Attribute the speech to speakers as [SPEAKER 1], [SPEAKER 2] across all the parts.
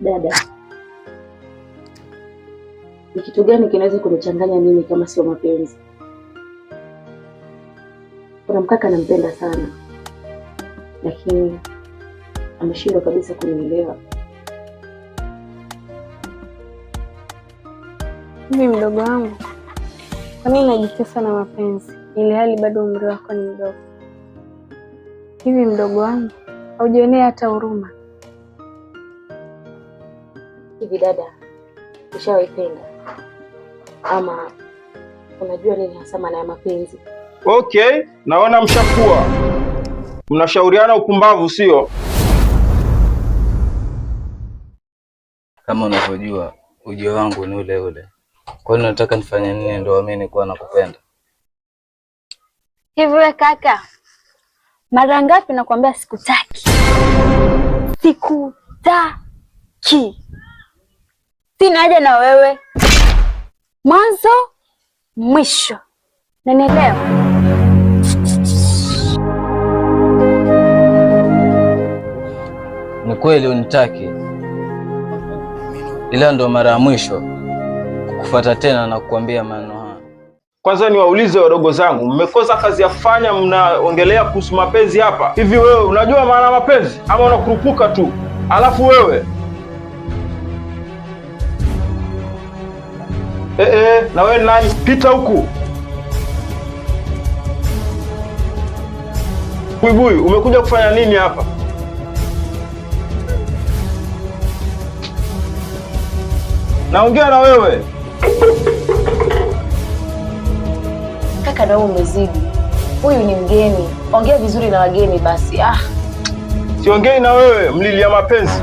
[SPEAKER 1] Dada, ni kitu gani kinaweza kunichanganya mimi kama sio mapenzi? Kuna mkaka anampenda sana, lakini ameshindwa kabisa kunielewa
[SPEAKER 2] mimi. Mdogo wangu, kwa nini najitesa na mapenzi ili hali bado umri wako ni mdogo? Hivi mdogo wangu, haujionea hata huruma?
[SPEAKER 1] Hivi dada, ushawaipenda ama unajua nini hasa maana ya mapenzi?
[SPEAKER 3] Okay, naona mshakuwa mnashauriana upumbavu, sio?
[SPEAKER 4] Kama unavyojua ujio wangu ni ule ule, kwani nataka nifanye nini ndio amini kuwa nakupenda?
[SPEAKER 5] Hivi we kaka, mara ngapi nakwambia sikutaki, sikutaki Sina haja na wewe, mwanzo mwisho, nanielewa.
[SPEAKER 4] Ni kweli unitaki, ila ndo mara ya mwisho kukufuata tena na kukuambia maneno haya.
[SPEAKER 3] Kwanza niwaulize wadogo zangu, mmekosa kazi ya kufanya, mnaongelea kuhusu mapenzi hapa? Hivi wewe unajua maana mapenzi ama unakurupuka tu? Alafu wewe Eh, eh, na wewe nani? Pita huku. Buibui, umekuja kufanya nini hapa? Naongea na wewe.
[SPEAKER 1] Kaka, na wewe umezidi. Huyu ni mgeni, ongea vizuri na wageni basi. Ah,
[SPEAKER 3] siongei na wewe, mlili ya mapenzi.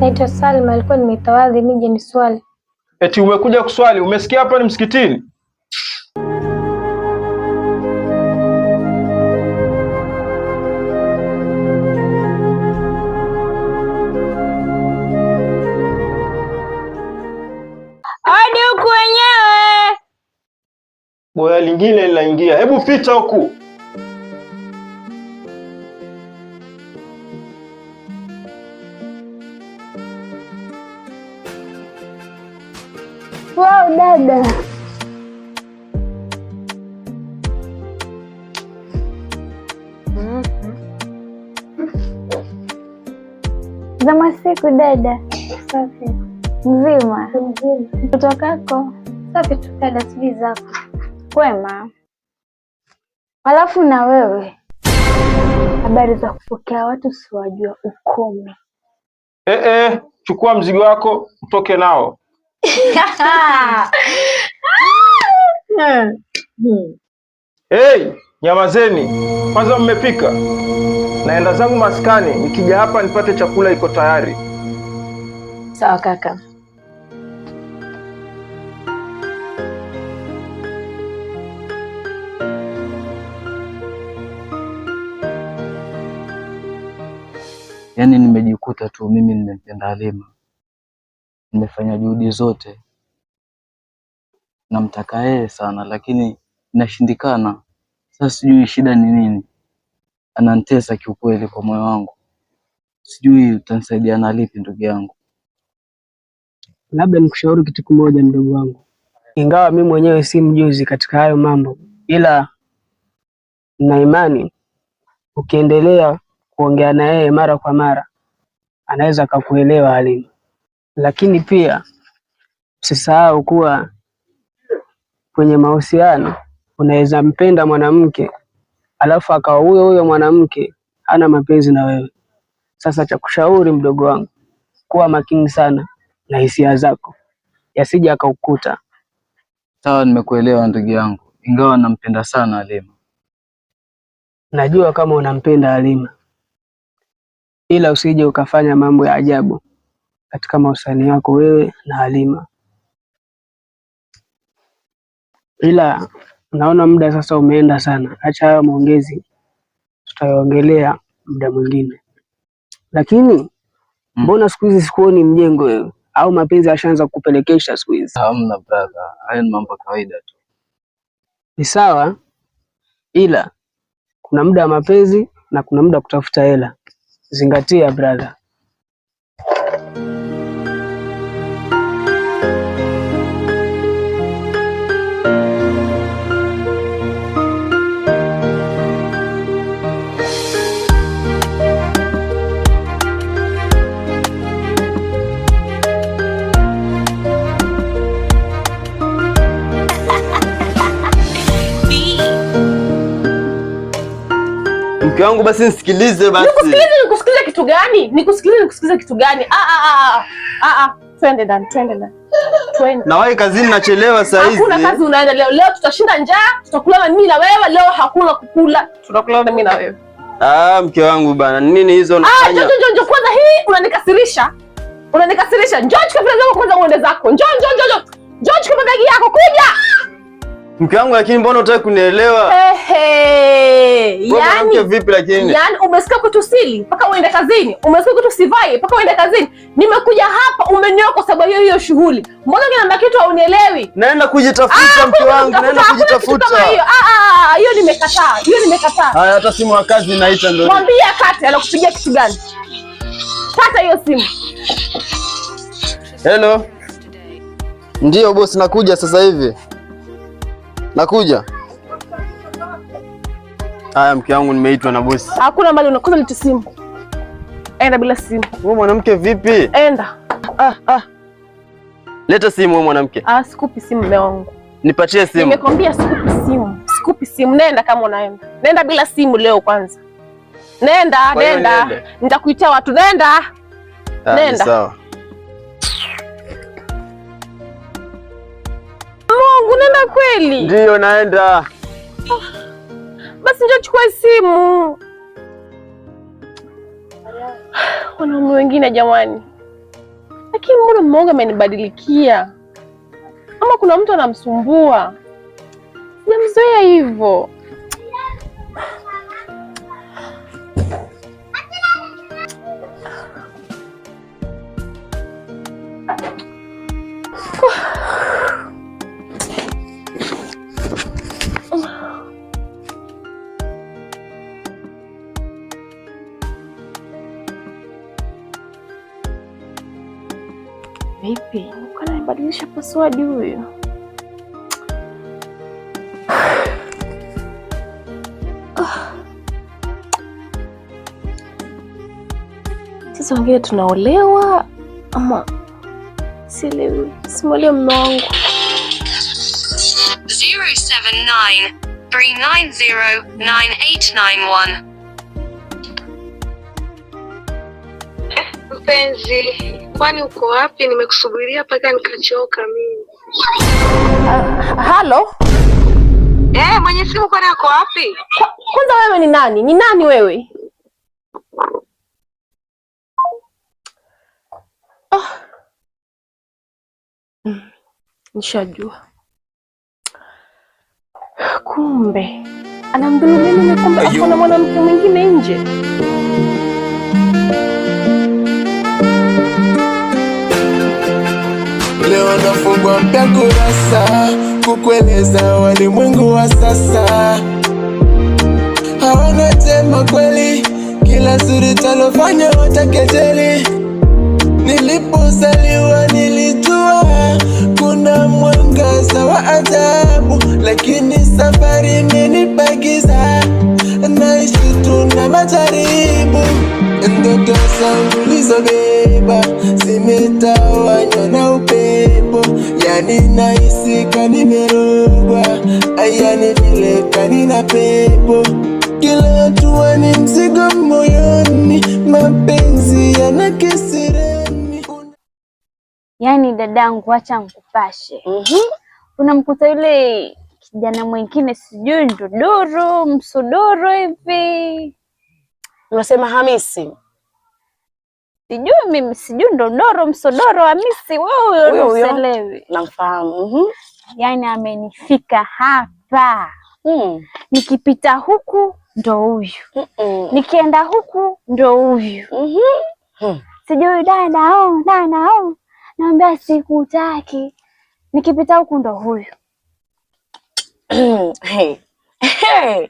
[SPEAKER 2] Naitwa Salma, alikuwa nimetawadhi nije ni swali
[SPEAKER 3] Eti umekuja kuswali, umesikia hapa ni msikitini?
[SPEAKER 5] Hadi huku wenyewe,
[SPEAKER 3] boya lingine linaingia. Hebu pita huku.
[SPEAKER 2] Wow, dada za masiku dada. Safi. Mzima.
[SPEAKER 1] Mzima. Kutoka Safi tu dada, sijui zako.
[SPEAKER 2] Kwema. Halafu na wewe
[SPEAKER 1] habari za kupokea watu siwajua ukome.
[SPEAKER 3] Eh, eh, chukua mzigo wako utoke nao. Hey, nyamazeni kwanza, mmepika? Naenda zangu maskani, nikija hapa nipate chakula iko tayari.
[SPEAKER 1] Sawa kaka.
[SPEAKER 4] Yaani nimejikuta tu mimi nimempenda Halima nimefanya juhudi zote, namtaka yeye sana, lakini inashindikana. Sasa sijui shida ni nini, anantesa kiukweli kwa moyo wangu. Sijui utanisaidia na lipi, ndugu yangu.
[SPEAKER 6] Labda nikushauri kitu kimoja, mdogo wangu, ingawa mi mwenyewe si mjuzi katika hayo mambo, ila na imani ukiendelea kuongea na yeye mara kwa mara, anaweza akakuelewa halini lakini pia usisahau kuwa kwenye mahusiano unaweza mpenda mwanamke alafu akawa huyo huyo mwanamke hana mapenzi na wewe. Sasa cha kushauri mdogo wangu, kuwa makini sana na hisia zako, yasije akaukuta.
[SPEAKER 4] Sawa, nimekuelewa ndugu yangu, ingawa nampenda sana Halima.
[SPEAKER 6] Najua kama unampenda Halima, ila usije ukafanya mambo ya ajabu katika mahusiano yako wewe na Halima, ila naona muda sasa umeenda sana. Acha hayo maongezi, tutayaongelea muda mwingine. Lakini hmm. mbona siku hizi sikuoni mjengo wewe? Au mapenzi yashaanza kukupelekesha siku hizi?
[SPEAKER 4] Hamna brother, haya ni mambo kawaida tu.
[SPEAKER 6] Ni sawa, ila kuna muda wa mapenzi na kuna muda wa kutafuta hela. Zingatia brother.
[SPEAKER 4] wangu basi nisikilize basi.
[SPEAKER 7] Nikusikilize nikusikilize kitu gani? Nikusikilize nikusikilize kitu gani? Ah ah ah ah. ah. ah. Twende ndani, twende ndani.
[SPEAKER 4] Twende. Na wewe kazini nachelewa saa hizi. Hakuna
[SPEAKER 7] kazi unaenda leo. Leo tutashinda njaa, tutakula na mimi na wewe. Leo hakuna kukula. Tutakula na mimi na wewe.
[SPEAKER 4] Ah, mke wangu bana, nini hizo ah,
[SPEAKER 7] unafanya? Ah, njoo njoo kwanza hii unanikasirisha. Unanikasirisha. Njoo chukua vile zako kwanza uende zako. Njoo njoo njoo. Njoo chukua bagi yako kuja.
[SPEAKER 4] Mke wangu lakini mbona unataka kunielewa?
[SPEAKER 7] Hey, hey.
[SPEAKER 4] Yaani vipi lakini?
[SPEAKER 7] Yaani umesikia kutusili mpaka uende kazini. Umesikia kutusivai mpaka uende kazini. Nimekuja hapa umenioa kwa sababu hiyo hiyo shughuli. Mbona kina kitu haunielewi?
[SPEAKER 4] Naenda kujitafuta ah, mke wangu, naenda kujitafuta. Kama hiyo. Ah,
[SPEAKER 7] ah ah, hiyo nimekataa. Hiyo nimekataa.
[SPEAKER 4] Haya hata simu ya kazi naita ndio.
[SPEAKER 7] Mwambie akate anakupigia kitu gani? Kata hiyo simu.
[SPEAKER 4] Hello. Ndio boss nakuja sasa hivi. Nakuja. Haya, mke wangu, nimeitwa na bosi.
[SPEAKER 7] Hakuna mali, unakosa leti simu. Enda bila simu.
[SPEAKER 4] Wewe mwanamke vipi?
[SPEAKER 7] Enda. Ah, ah.
[SPEAKER 4] Leta simu wewe mwanamke.
[SPEAKER 7] Ah, sikupi simu mume wangu.
[SPEAKER 4] Nipatie simu.
[SPEAKER 7] Nimekwambia sikupi simu. Sikupi simu. Nenda kama unaenda. Nenda bila simu leo kwanza. Nenda, nenda. Nitakuitia watu. Nenda.
[SPEAKER 4] Ah, nenda.
[SPEAKER 7] Unaenda kweli?
[SPEAKER 4] Ndiyo, naenda. Oh,
[SPEAKER 7] basi njoo chukua simu. Wanaume wengine jamani, lakini mbona mmoja amenibadilikia? Ama kuna mtu anamsumbua? Sijamzoea hivyo. Mpasuaji huyu sisi wengine tunaolewa ama sielewi. Simulia mume wangu
[SPEAKER 8] 07939098991
[SPEAKER 9] mpenzi Kwani uko wapi? Nimekusubiria mpaka nikachoka mimi.
[SPEAKER 7] Uh, halo
[SPEAKER 9] eh, mwenye simu kwani uko wapi?
[SPEAKER 7] Kwanza wewe ni nani? Ni nani wewe? Oh. Mm, nishajua kumbe anamdhulumia mume, kumbe na mwanamke mwingine nje.
[SPEAKER 10] wanafungwa mpya kurasa, kukueleza walimwengu wa sasa hawana tema kweli, kila zuri talofanya watakejeli. Nilipozaliwa nilijua kuna mwangaza wa ajabu, lakini safari imenibakiza, naishi tu na majaribu. Ndoto zangu nilizobeba zimetawanywa na upepo Yani nahisi kani nimerogwa, ayani vile kani na pepo, kila hatua ni mzigo moyoni, mapenzi yana kisireni
[SPEAKER 2] Yani dadangu, acha nkupashe. mm-hmm. Unamkuta yule kijana mwingine sijui nduduru msuduru hivi,
[SPEAKER 7] unasema Hamisi Sijui mimi sijui ndodoro msodoro Hamisi wewe uselewi. Namfahamu. Mhm.
[SPEAKER 2] Yani amenifika hapa. Mm. Nikipita huku ndo huyu. Mm -mm. Nikienda huku ndo huyu. Mhm. Mm sijui dada oh, dada oh. Naambia sikutaki. Nikipita huku ndo huyu.
[SPEAKER 7] Hey. Hey.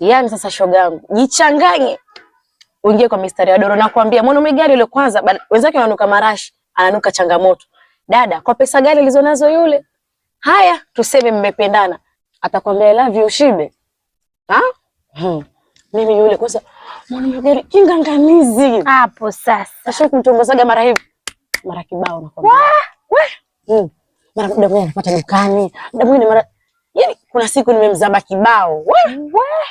[SPEAKER 7] Yaani sasa shogangu, jichanganye uingie kwa mistari ya doro. Nakwambia mwanaume gari yule kwanza, wenzake wananuka marashi, ananuka changamoto. Dada, kwa pesa gani alizonazo yule? Haya, tuseme mmependana, atakwambia I love you shibe. Ha? Hmm. Mimi yule kwanza mwanaume gari kingangamizi.
[SPEAKER 2] Hapo sasa.
[SPEAKER 7] Sasa kumtongozaga mara hivi. Mara kibao nakwambia. Wah! Hmm. Mara muda mwingine anapata dukani, muda mwingine mara yani kuna siku nimemzaba kibao. Wah!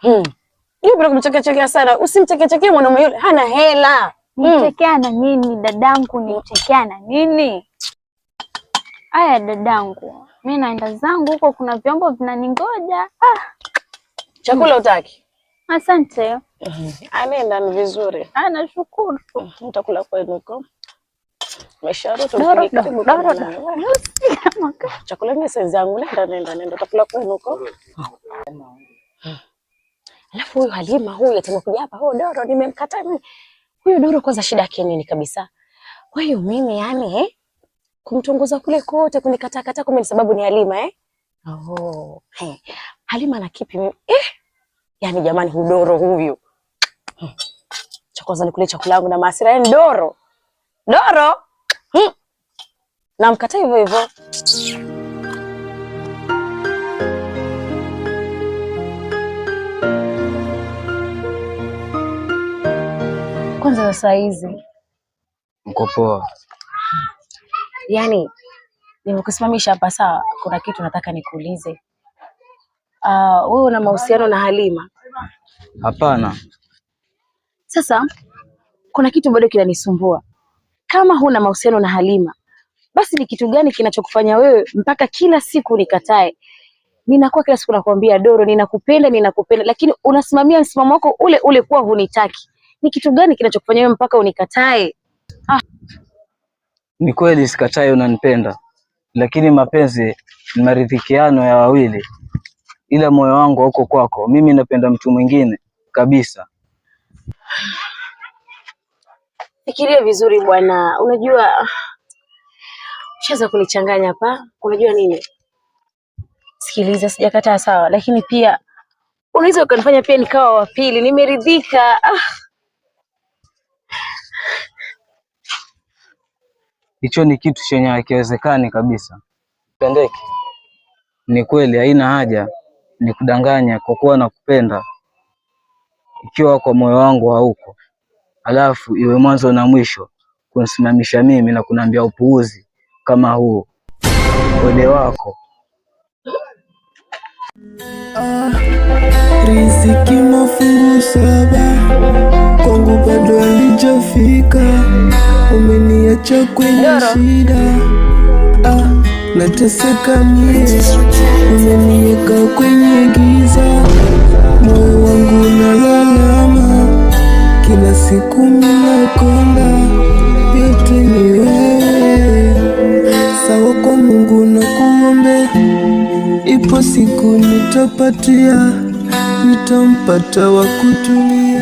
[SPEAKER 7] Hmm. Hiyo bila kumchekechekea sana. Usimchekechekee mwanaume yule, hana hela.
[SPEAKER 2] Nichekea mm. na nini dadangu? Nichekea na nini? Aya dadangu, mimi naenda zangu huko, kuna vyombo vinaningoja. Ah.
[SPEAKER 7] Chakula mm. utaki?
[SPEAKER 2] Asante. Mm-hmm.
[SPEAKER 7] Anaenda ni vizuri.
[SPEAKER 2] Ah, nashukuru. Mm,
[SPEAKER 7] nitakula kwenu huko. Chakula ni saizi yangu, nenda nenda nenda, utakula kwenu huko. Alafu huyu Halima huyu atamekuja hapa, huyo oh, Doro nimemkataa mimi. Huyo Doro kwanza shida yake nini kabisa? Kwa hiyo mimi yani eh, kumtongoza kule kote kunikata kata kwa sababu ni Halima eh? Oh, He. Halima na kipi mimi? Eh? Yaani jamani hudoro huyu. Hmm. Cha kwanza ni kule chakula yangu na maasira yani Doro. Doro. Hmm. Namkata hivyo hivyo. za saa hizi.
[SPEAKER 4] Mko poa?
[SPEAKER 7] Yaani nimekusimamisha hapa sawa, kuna kitu nataka nikuulize. Uh, wewe una mahusiano na Halima? Hapana. Sasa kuna kitu bado kinanisumbua. Kama huna mahusiano na Halima, basi ni kitu gani kinachokufanya wewe mpaka kila siku nikatae? Ninakuwa kila siku nakwambia Doro, ninakupenda ninakupenda, lakini unasimamia msimamo wako ule ule kuwa hunitaki. Ni kitu gani kinachokufanya wewe mpaka unikatae? Ah.
[SPEAKER 4] Ni kweli sikatai, unanipenda, lakini mapenzi ni maridhikiano ya wawili, ila moyo wangu uko kwako. Mimi napenda mtu mwingine kabisa.
[SPEAKER 7] Fikiria vizuri bwana, unajua ushaweza kunichanganya hapa. Unajua nini, sikiliza, sijakataa sawa, lakini pia unaweza ukanifanya pia nikawa wa pili. Nimeridhika ah.
[SPEAKER 4] Hicho ni kitu chenye hakiwezekani kabisa, pendeki. Ni kweli, haina haja ni kudanganya kwa kuwa nakupenda, ikiwa kwa moyo wangu hauko, alafu iwe mwanzo na mwisho kunisimamisha mimi na kunaambia upuuzi kama huu. Ole wako. Ah, riziki mafungu saba kwangu bado haijafika umeniacha kwenye shida ah, nateseka mie, umeniweka kwenye giza, moyo wangu unalalama, kila siku minakonda, yote ni wewe. Sawa kwa Mungu na kuombe, ipo siku nitapatia, nitampata wa kutumia